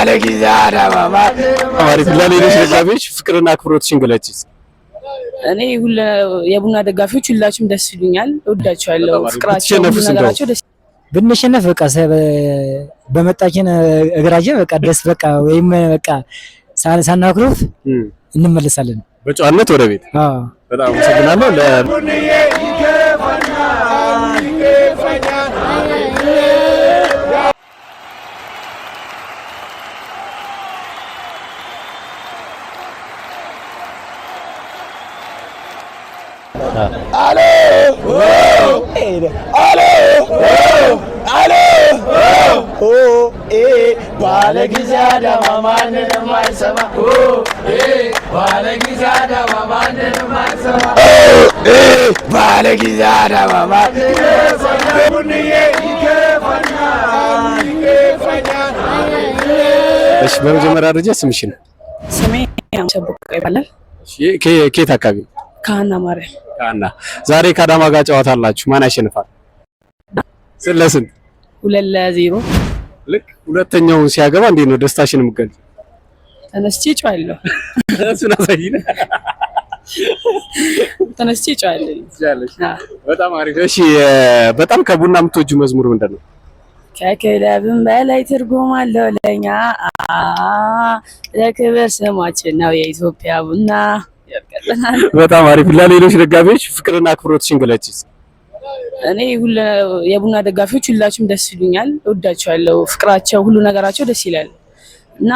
ያለ ጊዜ አዳማማ ለሌሎች ደጋፊዎች ፍቅርና አክብሮትሽን ገለጭ። እኔ የቡና ደጋፊዎች ሁላችሁም ደስ ይሉኛል፣ እወዳቸዋለሁ። ፍቅራቸው ነገራቸው ደስ ብንሸነፍ በቃ በመጣችን እግራችን በቃ ደስ በቃ ወይም በቃ ሳናክሩፍ እንመለሳለን በጨዋነት ወደ ቤት። በጣም አመሰግናለሁ። ባለጊዜ አዳማ ማንንም አይሰማ ባለጊዜ አዳማ ማንንም አይሰማ ባለጊዜ አዳማ እሺ በመጀመሪያ ደረጃ ስምሽን ስሜ ያምሰቡቅ ይባላል ከየት አካባቢ ካህና ማርያም ና ዛሬ ከአዳማ ጋር ጨዋታ አላችሁ። ማን ያሸንፋል? ስለስንት? ሁለት ለዜሮ። ልክ ሁለተኛውን ሲያገባ እንዴት ነው ደስታሽን የምትገልጽ? ተነስቼ ጨዋለሁ። እሱን አሳይኝ። ተነስቼ ጨዋለሁ። በጣም አሪፍ። እሺ፣ በጣም ከቡና የምትወጁ መዝሙር ምንድን ነው? ከክለብም በላይ ትርጉም አለው ለኛ ለክብር ስማችን ነው የኢትዮጵያ ቡና በጣም አሪፍ። ለሌሎች ደጋፊዎች ፍቅርና አክብሮትሽን ግለጪ። እኔ የቡና ደጋፊዎች ሁላችሁም ደስ ይሉኛል፣ እወዳቸዋለሁ። ፍቅራቸው፣ ሁሉ ነገራቸው ደስ ይላል እና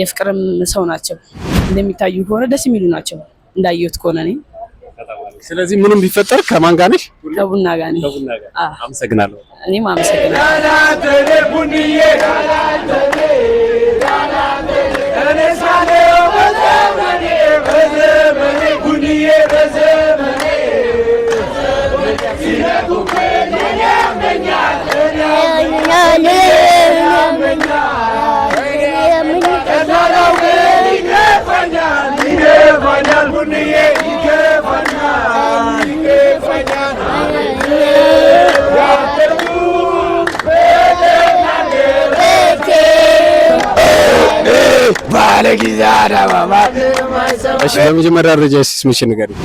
የፍቅርም ሰው ናቸው። እንደሚታዩ ከሆነ ደስ የሚሉ ናቸው እንዳየሁት ከሆነ እኔ። ስለዚህ ምንም ቢፈጠር ከማን ጋር ነሽ? ከቡና ጋር ነኝ። አመሰግናለሁ። እኔም አመሰግናለሁ። እሺ በመጀመሪያ ደረጃ እስኪ ስምሽን ንገሪኝ።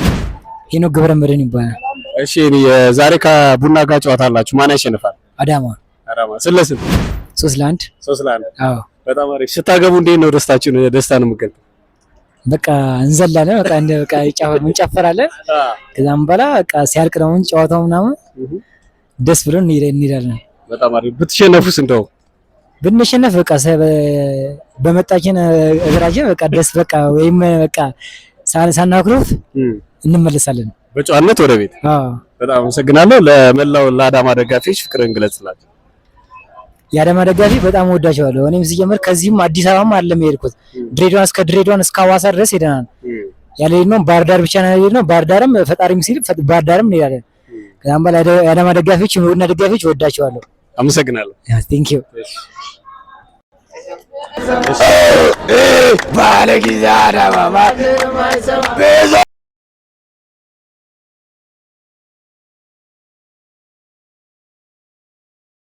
ሄኖክ ገብረመድህን ይባላል። እሺ የዛሬ ከቡና ጋር ጨዋታ አላችሁ፣ ማን ያሸንፋል? አዳማ አዳማ። ስለስም ሶስት ለአንድ ሶስት ለአንድ። አዎ በጣም አሪፍ። ስታገቡ እንዴት ነው ደስታችሁን? ደስታ ነው የምገልጠው። በቃ እንዘላለን፣ በቃ እንደ በቃ እንጨፈራለን። ከዛም በኋላ በቃ ሲያልቅ ነው ጨዋታው ምናምን ደስ ብሎን እንሄዳለን። በጣም አሪፍ። ብትሸነፉስ እንደው ብንሸነፍ በቃ በመጣችን እግራችን በቃ ደስ በቃ ወይም በቃ ሳናኩርፍ እንመለሳለን በጨዋነት ወደ ቤት። በጣም አመሰግናለሁ። ለመላው ለአዳማ ደጋፊዎች ፍቅርን ግለጽላቸው። የአዳማ ደጋፊ በጣም ወዳቸዋለሁ። እኔም ሲጀምር ከዚህም አዲስ አበባም አለ የሄድኩት ድሬዳዋን እስከ ድሬዳዋን እስከ ሐዋሳ ድረስ ሄደናል። ያለ ነው ባህር ዳር ብቻ ነው የሄድነው። ባህር ዳርም ፈጣሪም ሲል ባህር ዳርም እንሄዳለን። ከዛም በኋላ የአዳማ ደጋፊዎች ወድና ደጋፊዎች ወዳቸዋለሁ። አመሰግናለሁ። ቴንክ ዩ ባለጊዜ አዳማማ ቤዛ